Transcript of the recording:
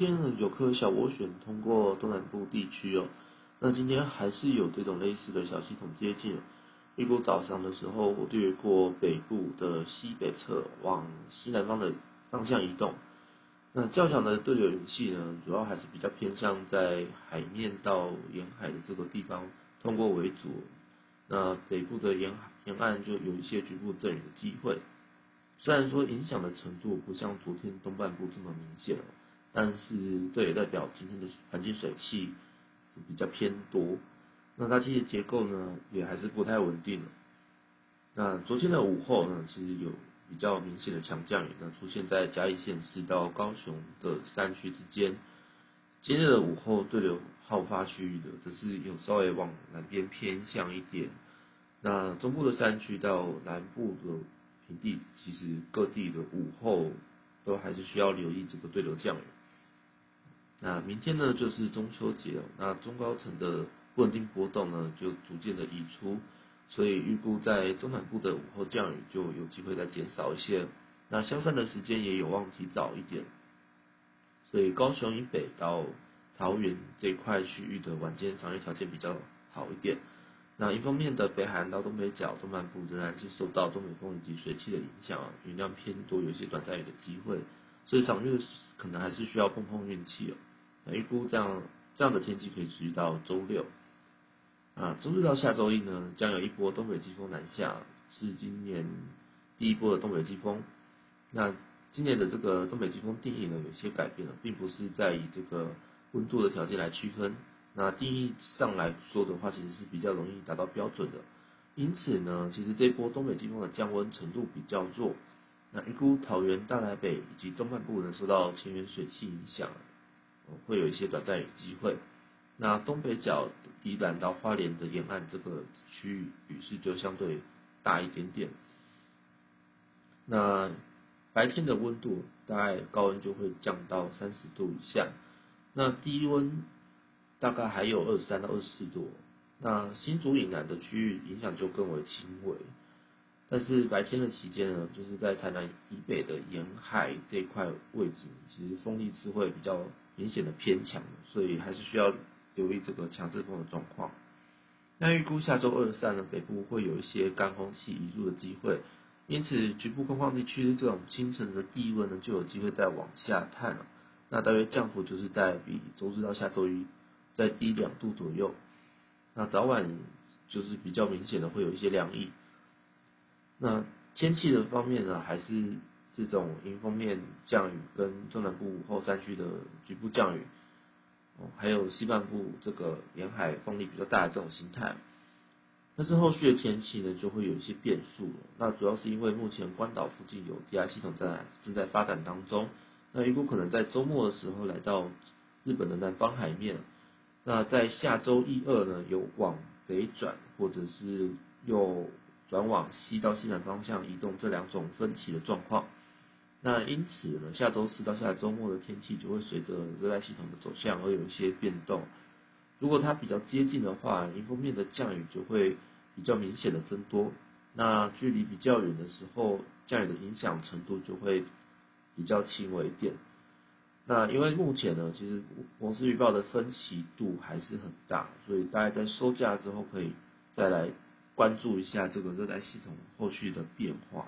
昨天有顆小渦旋通過東南部地區哦，那今天還是有這種類似的小系統接近，預估早上的時候我掠過北部的西北側，往西南方的方向移動。那較強的對流雲系呢，主要還是比較偏向在海面到沿海的這個地方通過為主。那北部的沿海沿岸就有一些局部陣雨的機會，雖然說影響的程度不像昨天東半部這麼明顯哦。但是這也代表今天的環境水氣比較偏多，那它這些結構呢也還是不太穩定了。那昨天的午後呢其實有比較明顯的強降雨，呢，出現在嘉義縣市到高雄的山區之間。今日的午後對流好發區域的則是有稍微往南邊偏向一點。那中部的山區到南部的平地，其實各地的午後都還是需要留意這個對流降雨。那明天呢就是中秋節哦。那中高層的不穩定波動呢就逐漸的移出，所以預估在中南部的午後降雨就有機會再減少一些。那消散的時間也有望提早一點。所以高雄以北到桃園這塊區域的晚間賞月條件比較好一點。那迎風面的北海岸到東北角、東半部仍然是受到東北風以及水氣的影響，雲量偏多，有一些短暫雨的機會，所以賞月可能還是需要碰碰運氣哦。那預估這樣這樣的天氣可以持續到週六，啊，週日到下週一呢，將有一波東北季風南下，是今年第一波的東北季風。那今年的這個東北季風定義呢，有些改變了，並不是在以這個溫度的條件來區分。那定義上來說的話，其實是比較容易達到標準的。因此呢，其實這波東北季風的降溫程度比較弱。那預估桃園、大台北以及東半部呢，受到前緣水氣影響。會有一些短暫雨機會，那東北角以南到花蓮的沿岸這個區域雨勢就相對大一點點。那白天的溫度大概高溫就會降到三十度以下，那低溫大概還有二十三到二十四度。那新竹以南的區域影響就更為輕微。但是白天的期間呢，就是在台南以北的沿海這塊位置，其實風力，是會比較明顯的偏強，所以還是需要留意這個強陣風的狀況。那預估下周二、三呢，北部會有一些乾空氣移入的機會，因此局部空曠地區這種清晨的低溫呢，就有機會再往下探了啊。那大約降幅就是在比周日到下周一再低兩度左右。那早晚就是比較明顯的會有一些涼意。那天氣的方面呢，還是這種迎風面降雨跟中南部午後山區的局部降雨，哦，還有西半部這個沿海風力比較大的這種形態。但是後續的天氣呢，就會有一些變數。那主要是因為目前關島附近有低壓系統在正在發展當中，那如果可能在周末的時候來到日本的南方海面，那在下周一、二呢，有往北轉，或者是又轉往西到西南方向移動，這兩種分歧的狀況。那因此呢，下周四到下周末的天氣就會隨着熱帶系統的走向而有一些變動。如果它比較接近的話，迎風面的降雨就會比較明顯的增多。那距離比較遠的時候，降雨的影響程度就會比較輕微一點。那因為目前呢，其實模式預報的分歧度還是很大，所以大家在收假之後可以再來。關注一下這個熱帶系統後續的變化。